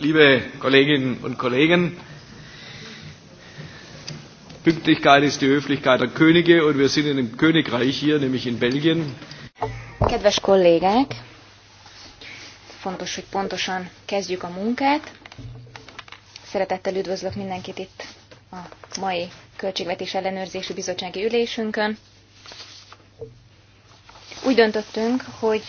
liebe Kolleginnen und Kollegen, Pünktlichkeit ist die Höflichkeit der Könige und wir sind in einem Königreich hier, nämlich in Belgien. Kedves kollégák, fontos, hogy pontosan kezdjük a munkát. Szeretettel üdvözlök mindenkit itt a mai Költségvetés Ellenőrzési Bizottsági Ülésünkön. Úgy döntöttünk, hogy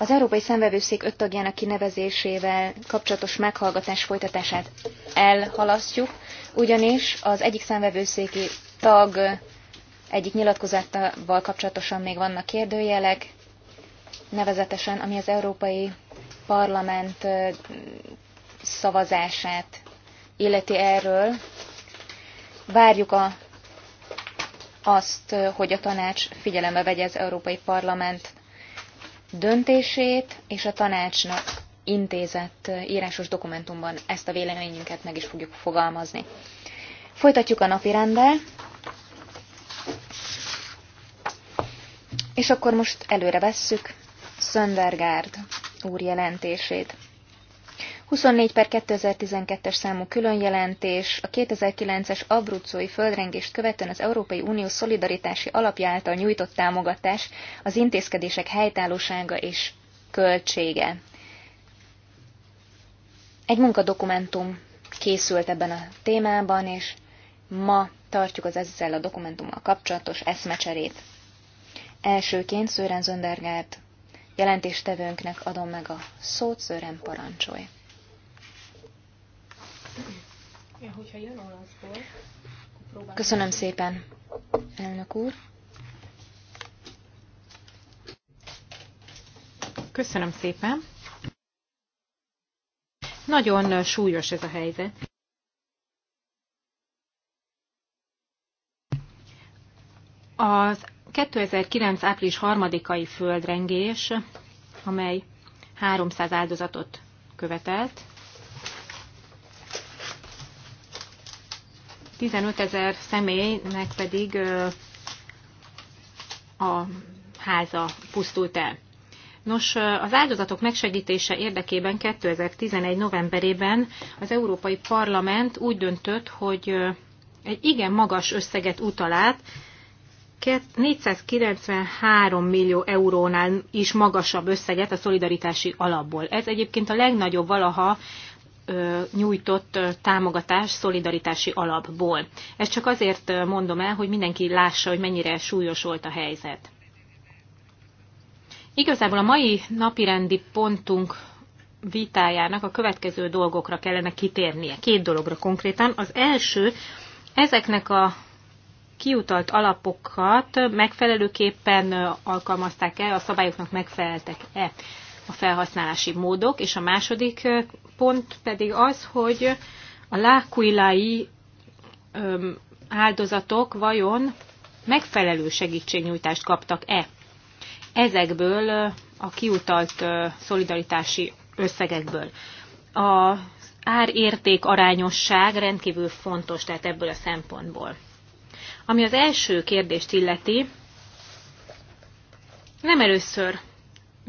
az Európai Szenvevőszék öt tagjának kinevezésével kapcsolatos meghallgatás folytatását elhalasztjuk, ugyanis az egyik szenvevőszéki tag egyik nyilatkozatával kapcsolatosan még vannak kérdőjelek, nevezetesen ami az Európai Parlament szavazását illeti erről. Várjuk a, azt, hogy a tanács figyelembe vegye az Európai Parlament döntését, és a tanácsnak intézett írásos dokumentumban ezt a véleményünket meg is fogjuk fogalmazni. Folytatjuk a napi rendel, és akkor most előre vesszük Söndergaard úr jelentését. 24 per 2012-es számú különjelentés a 2009-es abruzzói földrengést követően az Európai Unió szolidaritási alapja által nyújtott támogatás, az intézkedések helytállósága és költsége. Egy munkadokumentum készült ebben a témában, és ma tartjuk az ezzel a dokumentummal kapcsolatos eszmecserét. Elsőként Szőren Zöndergárt jelentéstevőnknek adom meg a szót, Szőren parancsolj. Köszönöm szépen, elnök úr. Köszönöm szépen. Nagyon súlyos ez a helyzet. Az 2009. április 3-ai földrengés, amely 300 áldozatot követelt, 15 ezer személynek pedig a háza pusztult el. Nos, az áldozatok megsegítése érdekében 2011. novemberében az Európai Parlament úgy döntött, hogy egy igen magas összeget utal át, 493 millió eurónál is magasabb összeget a szolidaritási alapból. Ez egyébként a legnagyobb valaha nyújtott támogatás szolidaritási alapból. Ezt csak azért mondom el, hogy mindenki lássa, hogy mennyire súlyos volt a helyzet. Igazából a mai napirendi pontunk vitájának a következő dolgokra kellene kitérnie. Két dologra konkrétan. Az első, ezeknek a kiutalt alapokat megfelelőképpen alkalmazták-e, a szabályoknak megfeleltek-e a felhasználási módok, és a második pont pedig az, hogy a lákuilái áldozatok vajon megfelelő segítségnyújtást kaptak-e ezekből a kiutalt szolidaritási összegekből. A árérték arányosság rendkívül fontos, tehát ebből a szempontból. Ami az első kérdést illeti, nem először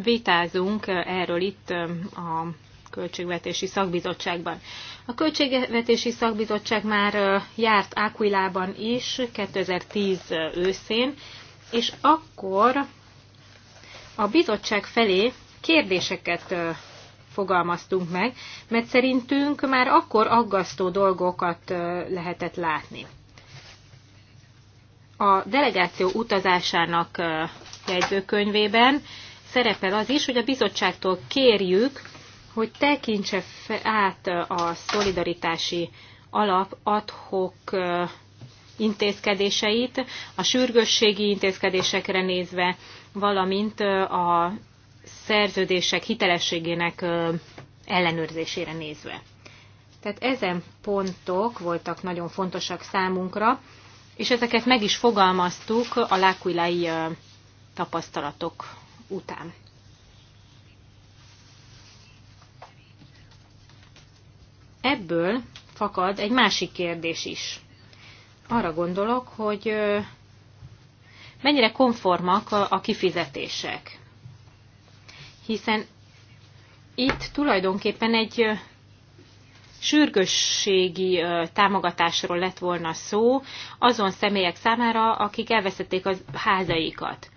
vitázunk erről itt a Költségvetési Szakbizottságban. A Költségvetési Szakbizottság már járt Ákuilában is 2010 őszén, és akkor a bizottság felé kérdéseket fogalmaztunk meg, mert szerintünk már akkor aggasztó dolgokat lehetett látni. A delegáció utazásának jegyzőkönyvében szerepel az is, hogy a bizottságtól kérjük, hogy tekintse át a szolidaritási alap adhok intézkedéseit, a sürgősségi intézkedésekre nézve, valamint a szerződések hitelességének ellenőrzésére nézve. Tehát ezen pontok voltak nagyon fontosak számunkra, és ezeket meg is fogalmaztuk a lákulai tapasztalatok után. Ebből fakad egy másik kérdés is. Arra gondolok, hogy mennyire konformak a kifizetések. Hiszen itt tulajdonképpen egy sürgősségi támogatásról lett volna szó azon személyek számára, akik elveszették a házaikat.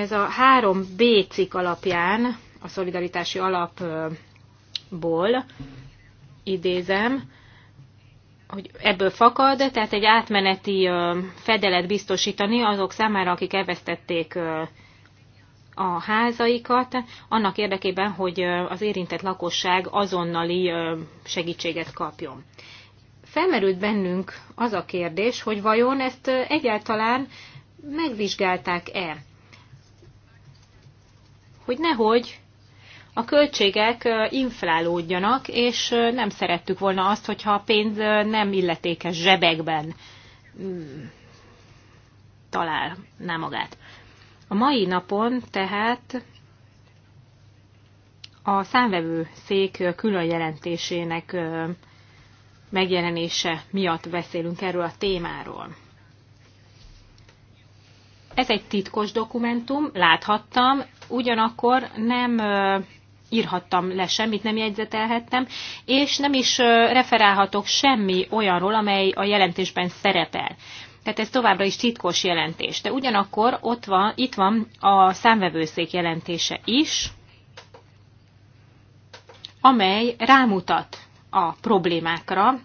Ez a 3B cikk alapján, a szolidaritási alapból idézem, hogy ebből fakad, tehát egy átmeneti fedelet biztosítani azok számára, akik elvesztették a házaikat, annak érdekében, hogy az érintett lakosság azonnali segítséget kapjon. Felmerült bennünk az a kérdés, hogy vajon ezt egyáltalán megvizsgálták-e hogy nehogy a költségek inflálódjanak, és nem szerettük volna azt, hogyha a pénz nem illetékes zsebekben mm, találná magát. A mai napon tehát a számvevő szék külön jelentésének megjelenése miatt beszélünk erről a témáról. Ez egy titkos dokumentum, láthattam, ugyanakkor nem írhattam le semmit, nem jegyzetelhettem, és nem is referálhatok semmi olyanról, amely a jelentésben szerepel. Tehát ez továbbra is titkos jelentés. De ugyanakkor ott van, itt van a számvevőszék jelentése is, amely rámutat a problémákra,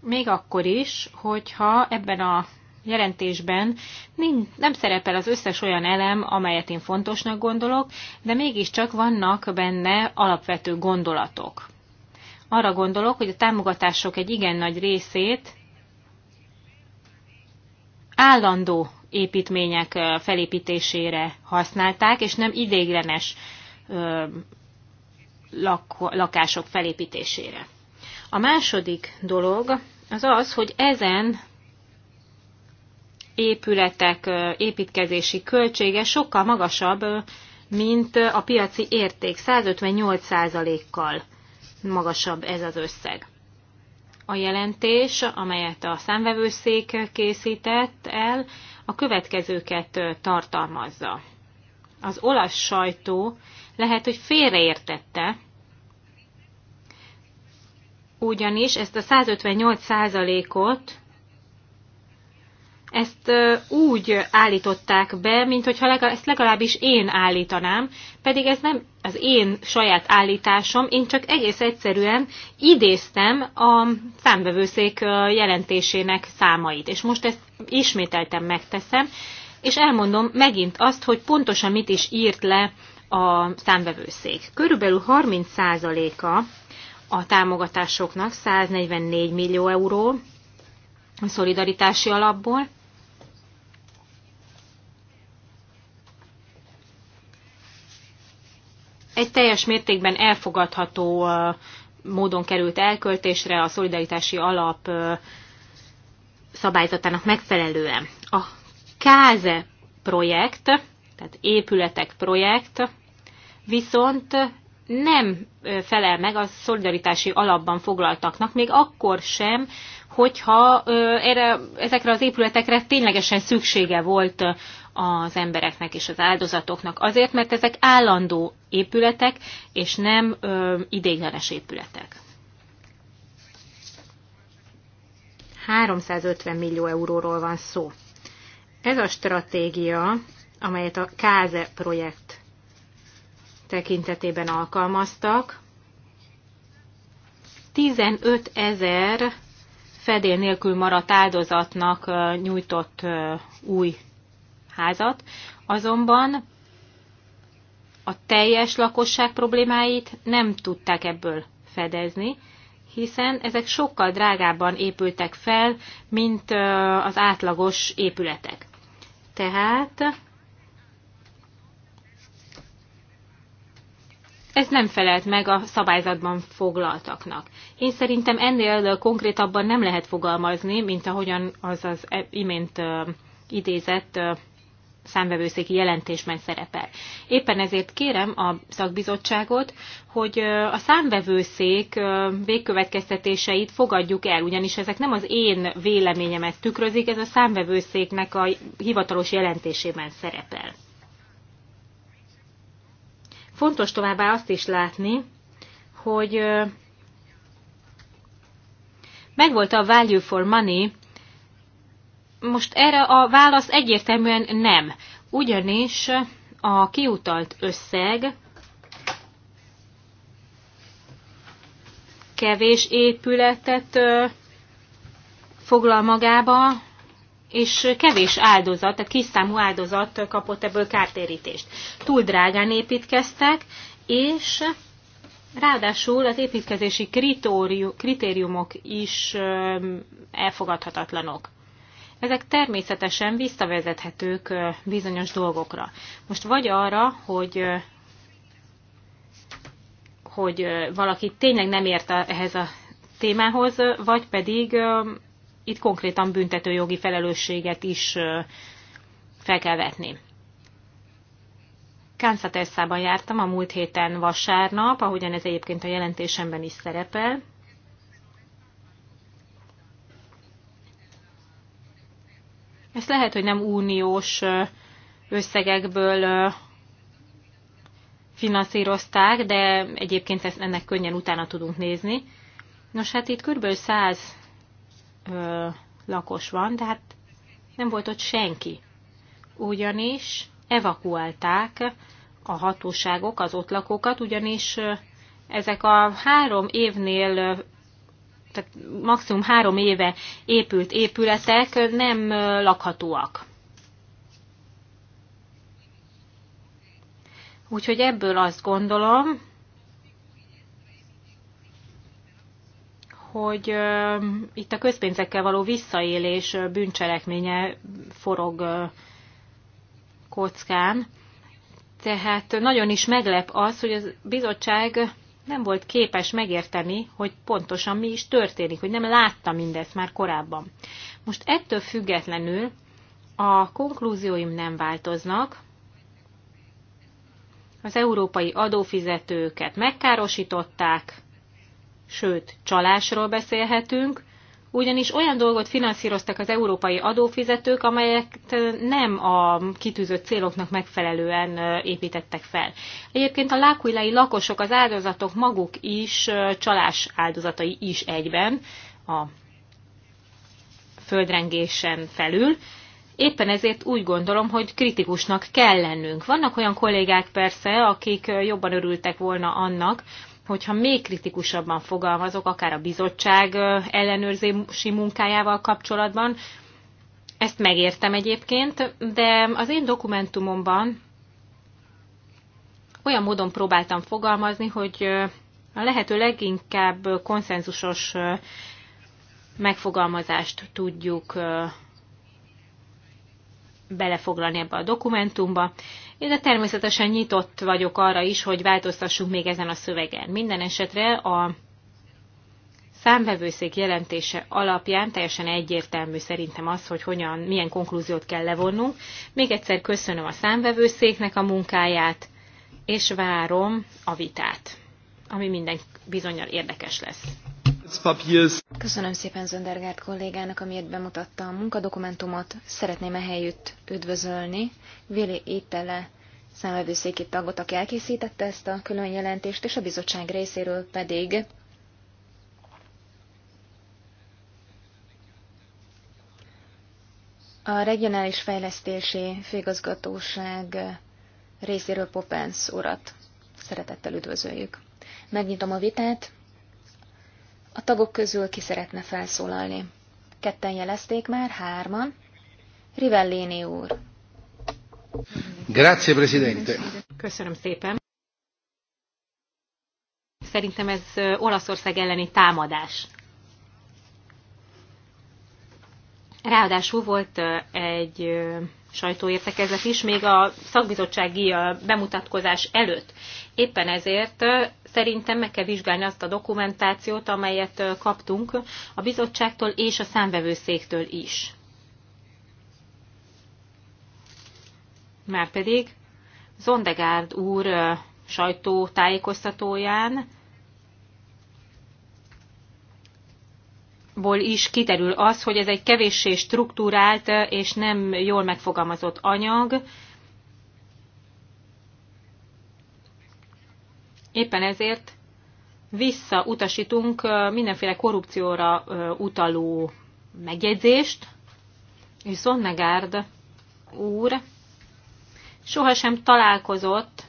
még akkor is, hogyha ebben a jelentésben nem szerepel az összes olyan elem, amelyet én fontosnak gondolok, de mégiscsak vannak benne alapvető gondolatok. Arra gondolok, hogy a támogatások egy igen nagy részét állandó építmények felépítésére használták, és nem idéglenes lakások felépítésére. A második dolog az az, hogy ezen épületek építkezési költsége sokkal magasabb, mint a piaci érték. 158%-kal magasabb ez az összeg. A jelentés, amelyet a számvevőszék készített el, a következőket tartalmazza. Az olasz sajtó lehet, hogy félreértette, ugyanis ezt a 158%-ot ezt úgy állították be, mint hogyha legalább, ezt legalábbis én állítanám, pedig ez nem az én saját állításom, én csak egész egyszerűen idéztem a számbevőszék jelentésének számait, és most ezt ismételtem megteszem, és elmondom megint azt, hogy pontosan mit is írt le a számbevőszék. Körülbelül 30%-a a támogatásoknak 144 millió euró a szolidaritási alapból, egy teljes mértékben elfogadható uh, módon került elköltésre a szolidaritási alap uh, szabályzatának megfelelően. A KÁZE projekt, tehát épületek projekt, viszont nem uh, felel meg a szolidaritási alapban foglaltaknak, még akkor sem, hogyha erre, ezekre az épületekre ténylegesen szüksége volt az embereknek és az áldozatoknak, azért, mert ezek állandó épületek, és nem ö, idéglenes épületek. 350 millió euróról van szó. Ez a stratégia, amelyet a KÁZE projekt tekintetében alkalmaztak, 15 ezer fedél nélkül maradt áldozatnak nyújtott új házat, azonban a teljes lakosság problémáit nem tudták ebből fedezni, hiszen ezek sokkal drágábban épültek fel, mint az átlagos épületek. Tehát ez nem felelt meg a szabályzatban foglaltaknak. Én szerintem ennél konkrétabban nem lehet fogalmazni, mint ahogyan az az e- imént idézett számvevőszéki jelentésben szerepel. Éppen ezért kérem a szakbizottságot, hogy a számvevőszék végkövetkeztetéseit fogadjuk el, ugyanis ezek nem az én véleményemet tükrözik, ez a számvevőszéknek a hivatalos jelentésében szerepel. Fontos továbbá azt is látni, hogy megvolt a value for money most erre a válasz egyértelműen nem, ugyanis a kiutalt összeg kevés épületet foglal magába, és kevés áldozat, a kis számú áldozat kapott ebből kártérítést. Túl drágán építkeztek, és ráadásul az építkezési kritériumok is elfogadhatatlanok ezek természetesen visszavezethetők bizonyos dolgokra. Most vagy arra, hogy hogy valaki tényleg nem ért ehhez a témához, vagy pedig itt konkrétan büntetőjogi felelősséget is fel kell vetni. Kánszatesszában jártam a múlt héten vasárnap, ahogyan ez egyébként a jelentésemben is szerepel, Ezt lehet, hogy nem uniós összegekből finanszírozták, de egyébként ezt, ennek könnyen utána tudunk nézni. Nos, hát itt kb. 100 ö, lakos van, de hát nem volt ott senki. Ugyanis evakuálták a hatóságok az ott lakókat, ugyanis ezek a három évnél tehát maximum három éve épült épületek nem lakhatóak. Úgyhogy ebből azt gondolom, hogy itt a közpénzekkel való visszaélés bűncselekménye forog ö, kockán. Tehát nagyon is meglep az, hogy a bizottság nem volt képes megérteni, hogy pontosan mi is történik, hogy nem látta mindezt már korábban. Most ettől függetlenül a konklúzióim nem változnak, az európai adófizetőket megkárosították, sőt, csalásról beszélhetünk, ugyanis olyan dolgot finanszíroztak az európai adófizetők, amelyeket nem a kitűzött céloknak megfelelően építettek fel. Egyébként a lákujlai lakosok, az áldozatok maguk is csalás áldozatai is egyben a földrengésen felül. Éppen ezért úgy gondolom, hogy kritikusnak kell lennünk. Vannak olyan kollégák persze, akik jobban örültek volna annak, hogyha még kritikusabban fogalmazok, akár a bizottság ellenőrzési munkájával kapcsolatban, ezt megértem egyébként, de az én dokumentumomban olyan módon próbáltam fogalmazni, hogy a lehető leginkább konszenzusos megfogalmazást tudjuk belefoglalni ebbe a dokumentumba. Én de természetesen nyitott vagyok arra is, hogy változtassunk még ezen a szövegen. Minden esetre a számvevőszék jelentése alapján teljesen egyértelmű szerintem az, hogy hogyan, milyen konklúziót kell levonnunk. Még egyszer köszönöm a számvevőszéknek a munkáját, és várom a vitát, ami minden bizonyal érdekes lesz. Köszönöm szépen Zöndergárt kollégának, amiért bemutatta a munkadokumentumot. Szeretném ehelyütt üdvözölni Vili Étele számvevőszéki tagot, aki elkészítette ezt a külön jelentést, és a bizottság részéről pedig a regionális fejlesztési főigazgatóság részéről Popens urat szeretettel üdvözöljük. Megnyitom a vitát, a tagok közül ki szeretne felszólalni? Ketten jelezték már, hárman. Rivellini úr. Grazie, Presidente. Köszönöm szépen. Szerintem ez Olaszország elleni támadás. Ráadásul volt egy sajtóértekezet is, még a szakbizottsági bemutatkozás előtt. Éppen ezért szerintem meg kell vizsgálni azt a dokumentációt, amelyet kaptunk a bizottságtól és a számvevőszéktől is. Márpedig Zondegárd úr sajtótájékoztatóján ból is kiterül az, hogy ez egy kevéssé struktúrált eh, és nem jól megfogalmazott anyag. Éppen ezért visszautasítunk eh, mindenféle korrupcióra eh, utaló megjegyzést, és Szonnegárd úr sohasem találkozott,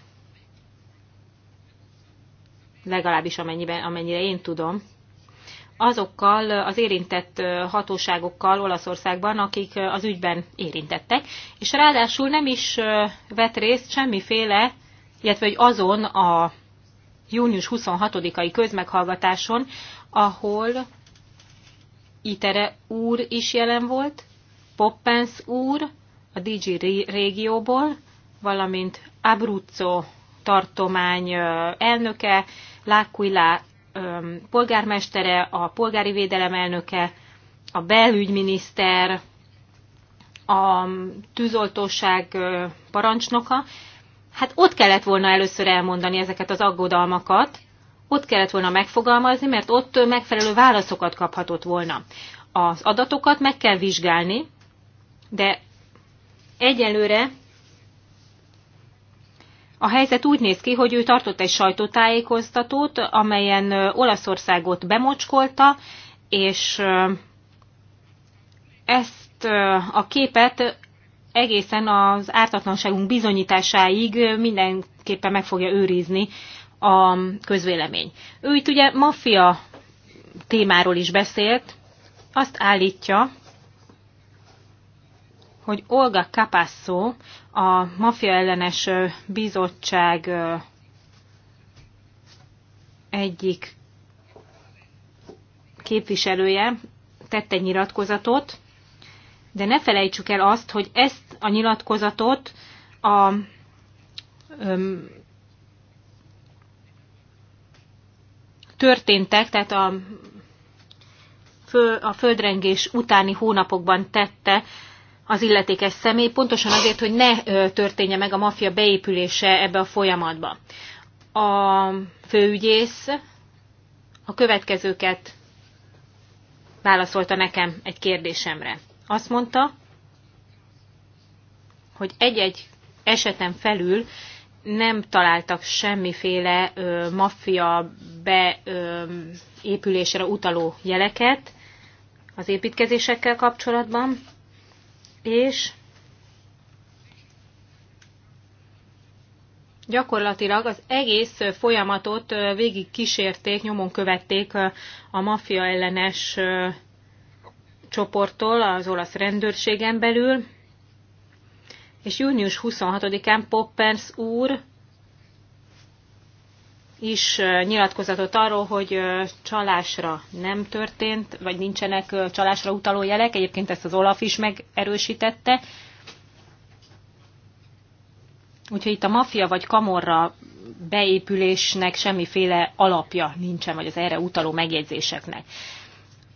legalábbis amennyiben, amennyire én tudom, azokkal az érintett hatóságokkal Olaszországban, akik az ügyben érintettek, és ráadásul nem is vett részt semmiféle, illetve hogy azon a június 26-ai közmeghallgatáson, ahol Itere úr is jelen volt, Poppens úr a DG régióból, valamint Abruzzo tartomány elnöke, L'Aquila polgármestere, a polgári védelem elnöke, a belügyminiszter, a tűzoltóság parancsnoka, hát ott kellett volna először elmondani ezeket az aggodalmakat, ott kellett volna megfogalmazni, mert ott megfelelő válaszokat kaphatott volna. Az adatokat meg kell vizsgálni, de egyelőre a helyzet úgy néz ki, hogy ő tartott egy sajtótájékoztatót, amelyen Olaszországot bemocskolta, és ezt a képet egészen az ártatlanságunk bizonyításáig mindenképpen meg fogja őrizni a közvélemény. Ő itt ugye maffia témáról is beszélt, azt állítja, hogy Olga Capasso, a mafia ellenes bizottság egyik képviselője tett egy nyilatkozatot, de ne felejtsük el azt, hogy ezt a nyilatkozatot a öm, történtek, tehát a, föl, a földrengés utáni hónapokban tette az illetékes személy, pontosan azért, hogy ne történje meg a maffia beépülése ebbe a folyamatba. A főügyész a következőket válaszolta nekem egy kérdésemre. Azt mondta, hogy egy-egy esetem felül nem találtak semmiféle ö, maffia beépülésre utaló jeleket az építkezésekkel kapcsolatban, és gyakorlatilag az egész folyamatot végig kísérték, nyomon követték a maffia ellenes csoporttól az olasz rendőrségen belül, és június 26-án Poppers úr is nyilatkozatot arról, hogy csalásra nem történt, vagy nincsenek csalásra utaló jelek. Egyébként ezt az Olaf is megerősítette. Úgyhogy itt a maffia vagy kamorra beépülésnek semmiféle alapja nincsen, vagy az erre utaló megjegyzéseknek.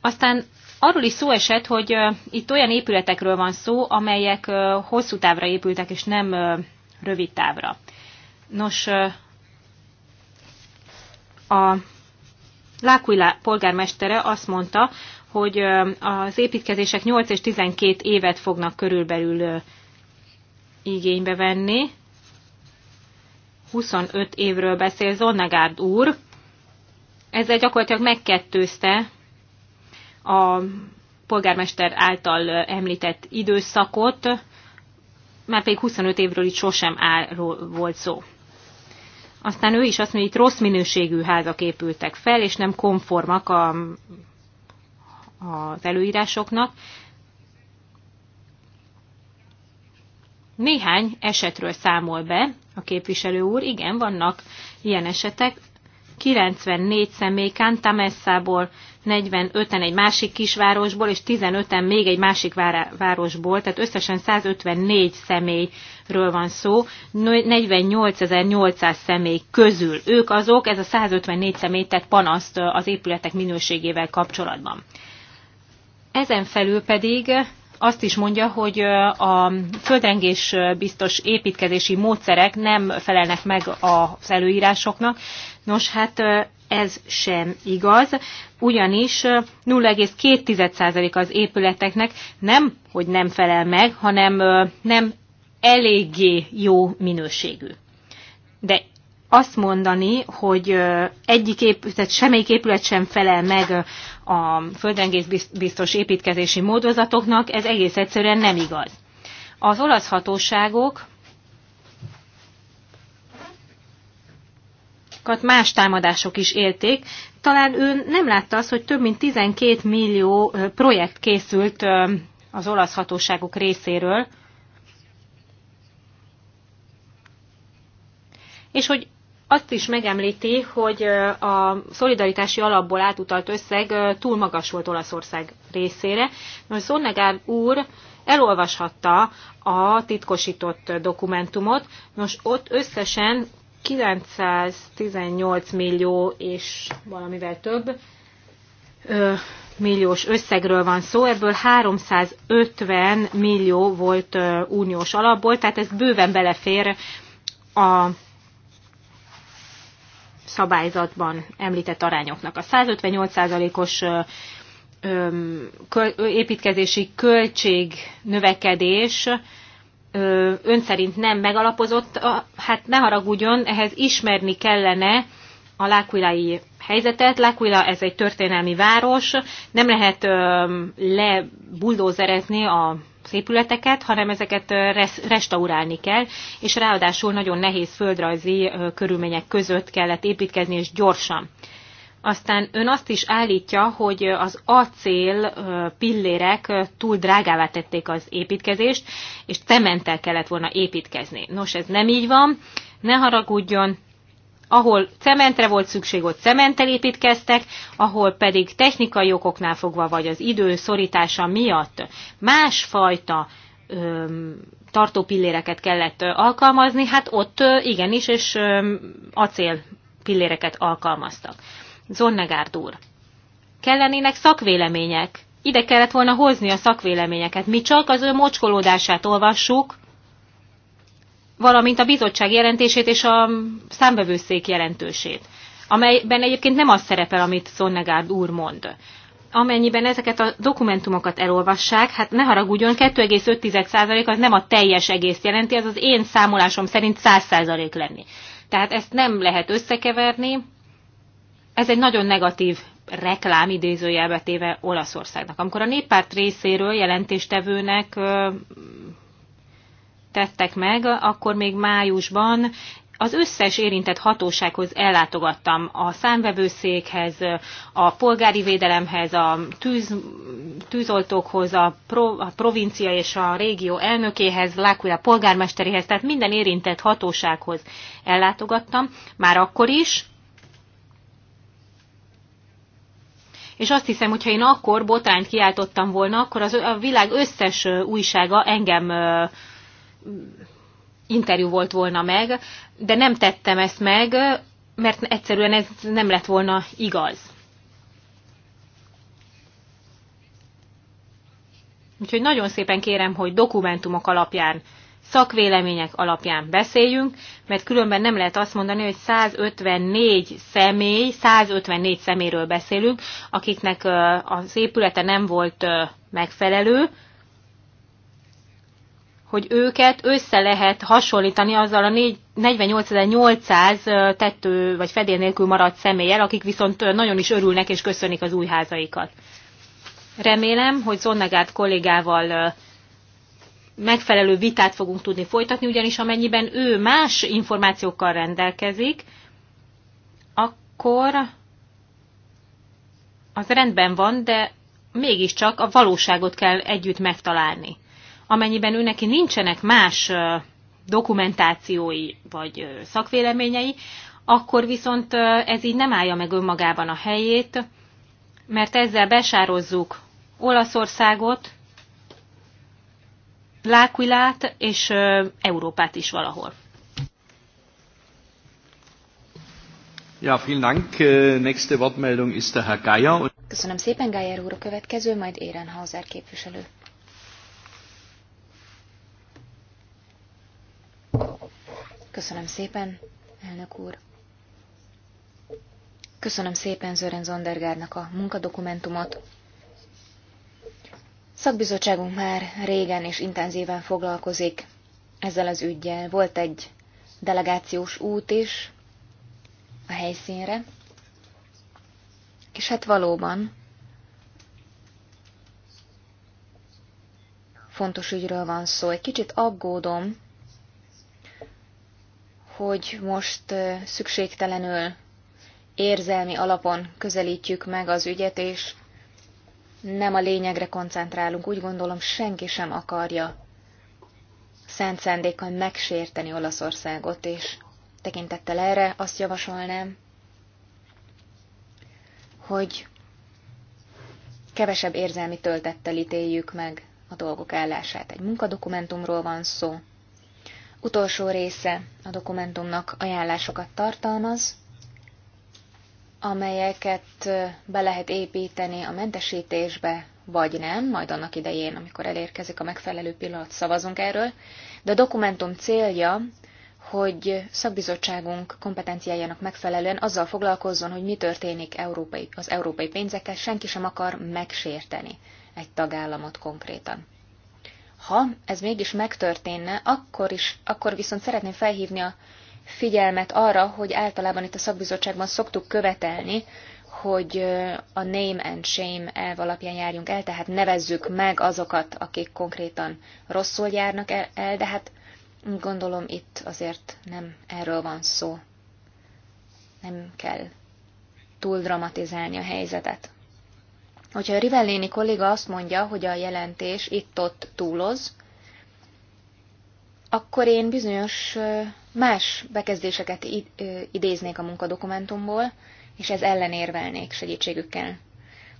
Aztán arról is szó esett, hogy itt olyan épületekről van szó, amelyek hosszú távra épültek, és nem rövid távra. Nos, a Lákuila polgármestere azt mondta, hogy az építkezések 8 és 12 évet fognak körülbelül igénybe venni. 25 évről beszél Zonnegárd úr. Ezzel gyakorlatilag megkettőzte a polgármester által említett időszakot, már pedig 25 évről itt sosem áll, volt szó. Aztán ő is azt mondja, hogy itt rossz minőségű házak épültek fel, és nem konformak a, az előírásoknak. Néhány esetről számol be a képviselő úr. Igen, vannak ilyen esetek, 94 személy Kantamesszából, 45-en egy másik kisvárosból, és 15-en még egy másik városból, tehát összesen 154 személyről van szó, 48.800 személy közül ők azok, ez a 154 személy tett panaszt az épületek minőségével kapcsolatban. Ezen felül pedig azt is mondja, hogy a földrengés biztos építkezési módszerek nem felelnek meg az előírásoknak. Nos, hát ez sem igaz, ugyanis 0,2% az épületeknek nem, hogy nem felel meg, hanem nem eléggé jó minőségű. De azt mondani, hogy egyik épület, semmelyik épület sem felel meg a biztos építkezési módozatoknak, ez egész egyszerűen nem igaz. Az olasz hatóságok más támadások is élték. Talán ő nem látta azt, hogy több mint 12 millió projekt készült az olasz hatóságok részéről, és hogy azt is megemlíti, hogy a szolidaritási alapból átutalt összeg túl magas volt Olaszország részére. Most Zonnegár úr elolvashatta a titkosított dokumentumot. Nos, ott összesen 918 millió és valamivel több milliós összegről van szó, ebből 350 millió volt uniós alapból, tehát ez bőven belefér a szabályzatban említett arányoknak. A 158%-os építkezési költség növekedés ön szerint nem megalapozott, hát ne haragudjon, ehhez ismerni kellene a lákuilai helyzetet. Lákuila ez egy történelmi város, nem lehet lebuldózerezni a az épületeket, hanem ezeket restaurálni kell, és ráadásul nagyon nehéz földrajzi körülmények között kellett építkezni, és gyorsan. Aztán ön azt is állítja, hogy az acél pillérek túl drágává tették az építkezést, és cementtel kellett volna építkezni. Nos, ez nem így van, ne haragudjon, ahol cementre volt szükség, ott cementtel építkeztek, ahol pedig technikai okoknál fogva, vagy az idő szorítása miatt másfajta öm, tartópilléreket kellett alkalmazni, hát ott igenis, és öm, acél pilléreket alkalmaztak. Zonnegárd úr, kellenének szakvélemények. Ide kellett volna hozni a szakvéleményeket. Mi csak az ő mocskolódását olvassuk, valamint a bizottság jelentését és a számbevőszék jelentősét, amelyben egyébként nem az szerepel, amit Szonnegárd úr mond. Amennyiben ezeket a dokumentumokat elolvassák, hát ne haragudjon, 2,5% az nem a teljes egész jelenti, az az én számolásom szerint 100% lenni. Tehát ezt nem lehet összekeverni. Ez egy nagyon negatív reklám idézőjelbe téve Olaszországnak. Amikor a néppárt részéről jelentéstevőnek tettek meg, akkor még májusban az összes érintett hatósághoz ellátogattam, a számvevőszékhez, a polgári védelemhez, a tűz, tűzoltókhoz, a, pro, a provincia és a régió elnökéhez, Lákuja polgármesteréhez, tehát minden érintett hatósághoz ellátogattam, már akkor is. És azt hiszem, hogyha én akkor botrányt kiáltottam volna, akkor az, a világ összes újsága engem interjú volt volna meg, de nem tettem ezt meg, mert egyszerűen ez nem lett volna igaz. Úgyhogy nagyon szépen kérem, hogy dokumentumok alapján, szakvélemények alapján beszéljünk, mert különben nem lehet azt mondani, hogy 154 személy, 154 szeméről beszélünk, akiknek az épülete nem volt megfelelő, hogy őket össze lehet hasonlítani azzal a 48.800 tettő vagy fedél nélkül maradt személlyel, akik viszont nagyon is örülnek és köszönik az új házaikat. Remélem, hogy Zonnegárt kollégával megfelelő vitát fogunk tudni folytatni, ugyanis amennyiben ő más információkkal rendelkezik, akkor az rendben van, de mégiscsak a valóságot kell együtt megtalálni amennyiben ő neki nincsenek más dokumentációi vagy szakvéleményei, akkor viszont ez így nem állja meg önmagában a helyét, mert ezzel besározzuk Olaszországot, Lákuilát és Európát is valahol. Ja, vielen Dank. Äh, nächste Wortmeldung ist der Herr Geier. Köszönöm szépen, Geier úr. A következő, majd Ehrenhauser képviselő. Köszönöm szépen, elnök úr. Köszönöm szépen Zören Zondergárnak a munkadokumentumot. Szakbizottságunk már régen és intenzíven foglalkozik ezzel az ügyjel. Volt egy delegációs út is a helyszínre, és hát valóban fontos ügyről van szó. Egy kicsit aggódom, hogy most szükségtelenül érzelmi alapon közelítjük meg az ügyet, és nem a lényegre koncentrálunk. Úgy gondolom, senki sem akarja szent szendékkal megsérteni Olaszországot, és tekintettel erre azt javasolnám, hogy kevesebb érzelmi töltettel ítéljük meg a dolgok állását. Egy munkadokumentumról van szó, utolsó része a dokumentumnak ajánlásokat tartalmaz, amelyeket be lehet építeni a mentesítésbe, vagy nem, majd annak idején, amikor elérkezik a megfelelő pillanat, szavazunk erről, de a dokumentum célja, hogy szakbizottságunk kompetenciájának megfelelően azzal foglalkozzon, hogy mi történik európai, az európai pénzekkel, senki sem akar megsérteni egy tagállamot konkrétan. Ha ez mégis megtörténne, akkor, is, akkor viszont szeretném felhívni a figyelmet arra, hogy általában itt a szakbizottságban szoktuk követelni, hogy a name and shame elv alapján járjunk el, tehát nevezzük meg azokat, akik konkrétan rosszul járnak el, de hát gondolom itt azért nem erről van szó. Nem kell túl dramatizálni a helyzetet. Hogyha a Rivellini kolléga azt mondja, hogy a jelentés itt-ott túloz, akkor én bizonyos más bekezdéseket idéznék a munkadokumentumból, és ez ellenérvelnék segítségükkel.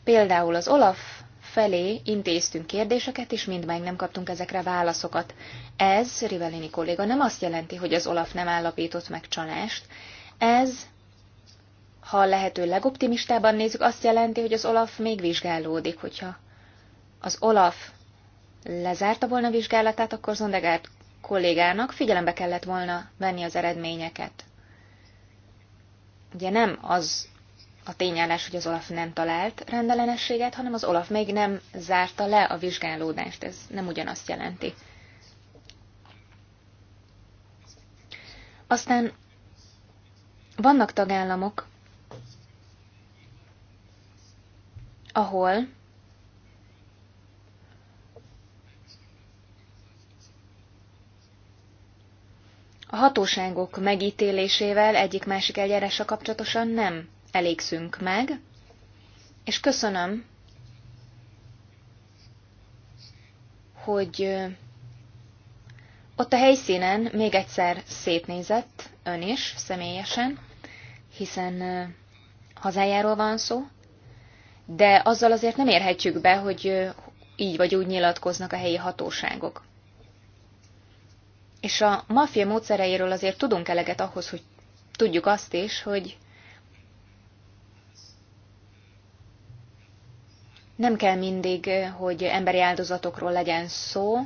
Például az Olaf felé intéztünk kérdéseket, és mind meg nem kaptunk ezekre válaszokat. Ez, Rivellini kolléga, nem azt jelenti, hogy az Olaf nem állapított meg csalást, ez ha a lehető legoptimistában nézzük, azt jelenti, hogy az Olaf még vizsgálódik. Hogyha az Olaf lezárta volna a vizsgálatát, akkor Zondegárt kollégának figyelembe kellett volna venni az eredményeket. Ugye nem az a tényállás, hogy az Olaf nem talált rendellenességet, hanem az Olaf még nem zárta le a vizsgálódást. Ez nem ugyanazt jelenti. Aztán vannak tagállamok, ahol a hatóságok megítélésével egyik-másik eljárása kapcsolatosan nem elégszünk meg, és köszönöm, hogy ott a helyszínen még egyszer szétnézett ön is személyesen, hiszen hazájáról van szó, de azzal azért nem érhetjük be, hogy így vagy úgy nyilatkoznak a helyi hatóságok. És a maffia módszereiről azért tudunk eleget ahhoz, hogy tudjuk azt is, hogy nem kell mindig, hogy emberi áldozatokról legyen szó.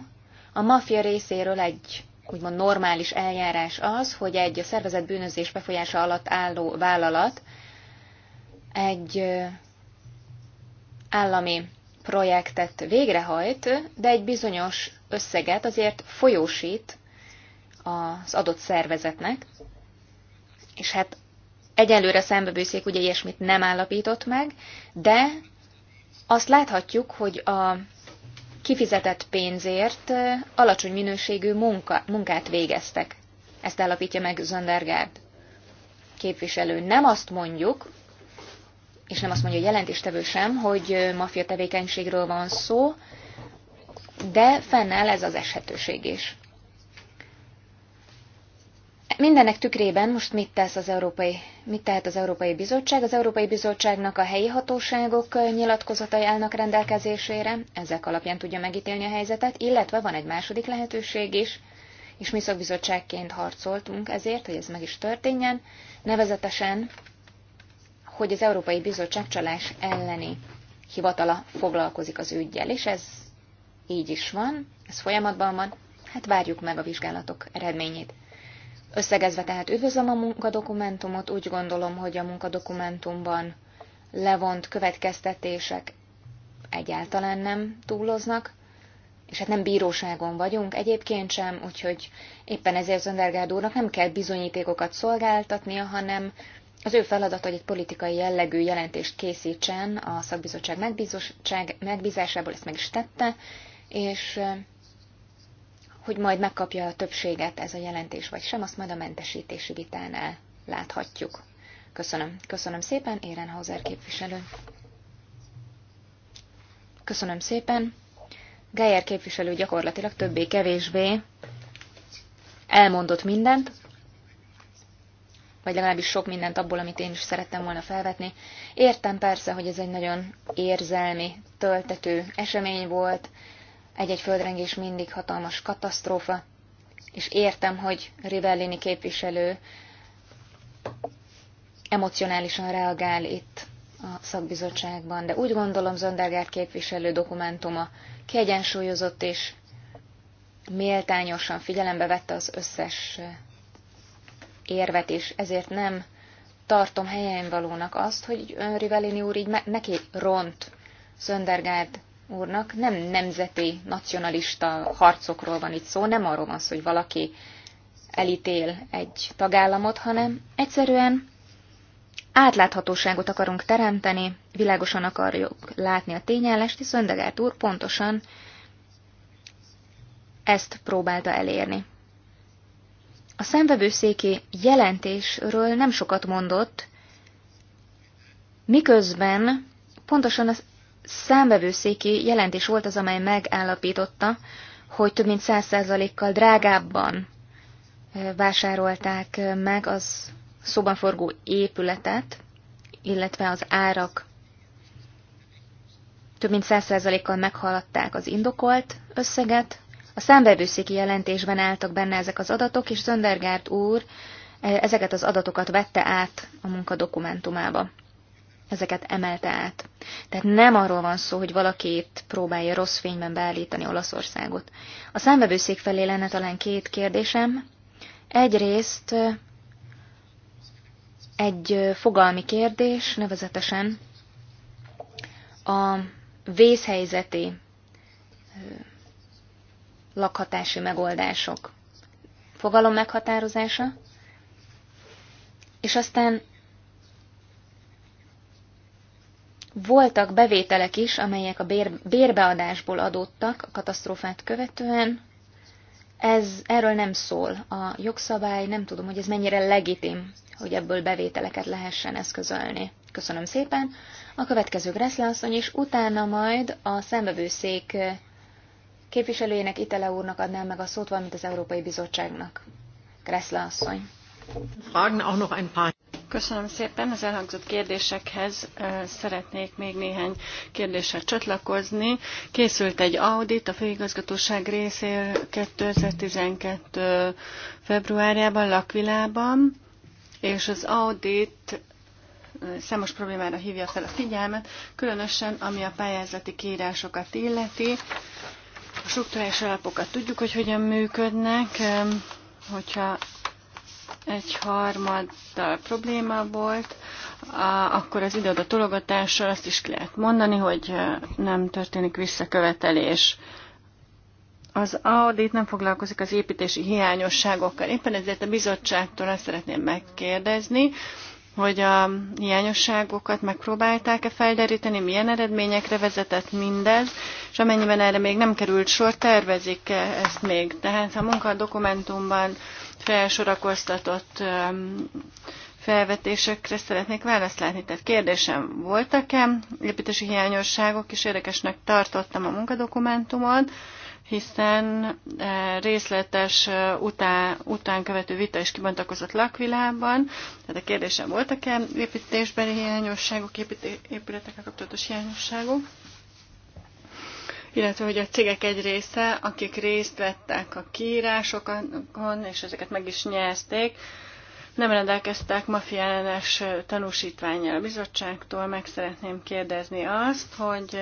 A maffia részéről egy úgymond normális eljárás az, hogy egy szervezet bűnözés befolyása alatt álló vállalat egy állami projektet végrehajt, de egy bizonyos összeget azért folyósít az adott szervezetnek, és hát egyelőre szembebőszék ugye ilyesmit nem állapított meg, de azt láthatjuk, hogy a kifizetett pénzért alacsony minőségű munka, munkát végeztek. Ezt állapítja meg Zöndergárd képviselő. Nem azt mondjuk, és nem azt mondja a jelentéstevő sem, hogy maffia tevékenységről van szó, de fennáll ez az eshetőség is. Mindennek tükrében most mit tesz az Európai, mit tehet az Európai Bizottság? Az Európai Bizottságnak a helyi hatóságok nyilatkozatai állnak rendelkezésére, ezek alapján tudja megítélni a helyzetet, illetve van egy második lehetőség is, és mi szakbizottságként harcoltunk ezért, hogy ez meg is történjen, nevezetesen hogy az Európai Bizottság csalás elleni hivatala foglalkozik az ügyjel, és ez így is van, ez folyamatban van, hát várjuk meg a vizsgálatok eredményét. Összegezve tehát üdvözlöm a munkadokumentumot, úgy gondolom, hogy a munkadokumentumban levont következtetések egyáltalán nem túloznak, és hát nem bíróságon vagyunk egyébként sem, úgyhogy éppen ezért Zöndergárd úrnak nem kell bizonyítékokat szolgáltatnia, hanem az ő feladata, hogy egy politikai jellegű jelentést készítsen a szakbizottság megbízásából, ezt meg is tette, és hogy majd megkapja a többséget ez a jelentés vagy sem, azt majd a mentesítési vitánál láthatjuk. Köszönöm. Köszönöm szépen, Hauser képviselő. Köszönöm szépen. Geyer képviselő gyakorlatilag többé-kevésbé elmondott mindent vagy legalábbis sok mindent abból, amit én is szerettem volna felvetni. Értem persze, hogy ez egy nagyon érzelmi, töltető esemény volt, egy-egy földrengés mindig hatalmas katasztrófa, és értem, hogy Rivellini képviselő emocionálisan reagál itt a szakbizottságban, de úgy gondolom Zöndergár képviselő dokumentuma kiegyensúlyozott és méltányosan figyelembe vette az összes érvet is, ezért nem tartom helyen valónak azt, hogy Rivellini úr így neki ront Söndergaard úrnak. Nem nemzeti, nacionalista harcokról van itt szó, nem arról van szó, hogy valaki elítél egy tagállamot, hanem egyszerűen átláthatóságot akarunk teremteni, világosan akarjuk látni a tényállást, és Szöndegárt úr pontosan ezt próbálta elérni. A számvevőszéki jelentésről nem sokat mondott, miközben pontosan a számvevőszéki jelentés volt az, amely megállapította, hogy több mint 100%-kal drágábban vásárolták meg az szóban forgó épületet, illetve az árak több mint 100%-kal meghaladták az indokolt összeget, a számbevőszéki jelentésben álltak benne ezek az adatok, és Zöndergárt úr e, ezeket az adatokat vette át a munka dokumentumába. Ezeket emelte át. Tehát nem arról van szó, hogy valakit próbálja rossz fényben beállítani Olaszországot. A számbevőszék felé lenne talán két kérdésem. Egyrészt e, egy e, fogalmi kérdés, nevezetesen a vészhelyzeti lakhatási megoldások fogalom meghatározása, és aztán voltak bevételek is, amelyek a bér, bérbeadásból adódtak a katasztrófát követően. Ez erről nem szól a jogszabály, nem tudom, hogy ez mennyire legitim, hogy ebből bevételeket lehessen eszközölni. Köszönöm szépen. A következő Greszle asszony, és utána majd a szembevőszék képviselőjének, Itele úrnak adnám meg a szót, valamint az Európai Bizottságnak. Kressle asszony. Köszönöm szépen. Az elhangzott kérdésekhez szeretnék még néhány kérdéssel csatlakozni. Készült egy audit a főigazgatóság részéről 2012. februárjában, Lakvilában, és az audit számos problémára hívja fel a figyelmet, különösen ami a pályázati kiírásokat illeti. A struktúrás alapokat tudjuk, hogy hogyan működnek, hogyha egy harmaddal probléma volt, akkor az időadat tologatással azt is lehet mondani, hogy eh, nem történik visszakövetelés. Az audit nem foglalkozik az építési hiányosságokkal. Éppen ezért a bizottságtól azt szeretném megkérdezni, hogy a hiányosságokat megpróbálták-e felderíteni, milyen eredményekre vezetett mindez, és amennyiben erre még nem került sor, tervezik -e ezt még. Tehát a munka dokumentumban felsorakoztatott felvetésekre szeretnék választ látni. Tehát kérdésem, voltak-e építési hiányosságok, és érdekesnek tartottam a munkadokumentumot, hiszen eh, részletes eh, után, utánkövető vita is kibontakozott lakvilágban, tehát a kérdésem voltak-e építésbeli hiányosságok, épületekkel kapcsolatos hiányosságok, illetve hogy a cégek egy része, akik részt vettek a kiírásokon, és ezeket meg is nyerték, nem rendelkeztek mafiellenes eh, tanúsítványjal a bizottságtól. Meg szeretném kérdezni azt, hogy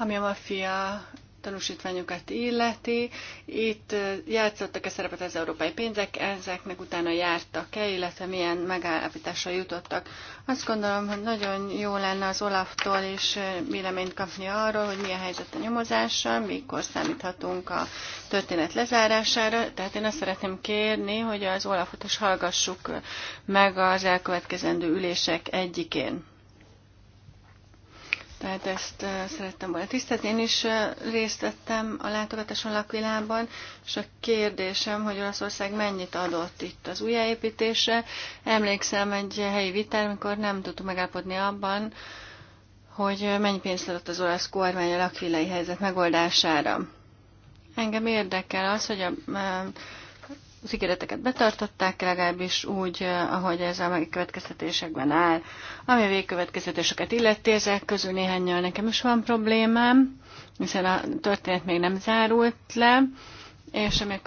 ami a maffia tanúsítványokat illeti. Itt játszottak a szerepet az európai pénzek, ezeknek utána jártak-e, illetve milyen megállapításra jutottak. Azt gondolom, hogy nagyon jó lenne az Olaftól is véleményt kapni arról, hogy milyen helyzet a nyomozással, mikor számíthatunk a történet lezárására. Tehát én azt szeretném kérni, hogy az Olafot is hallgassuk meg az elkövetkezendő ülések egyikén. Tehát ezt szerettem volna tisztázni. Én is részt vettem a látogatáson lakvilában, és a kérdésem, hogy Olaszország mennyit adott itt az újjáépítésre. Emlékszem egy helyi vitár, amikor nem tudtuk megállapodni abban, hogy mennyi pénzt adott az olasz kormány a lakvilai helyzet megoldására. Engem érdekel az, hogy a az ígéreteket betartották, legalábbis úgy, eh, ahogy ez a megkövetkeztetésekben áll. Ami a végkövetkeztetéseket illeti, ezek közül néhányan nekem is van problémám, hiszen a történet még nem zárult le, és ami a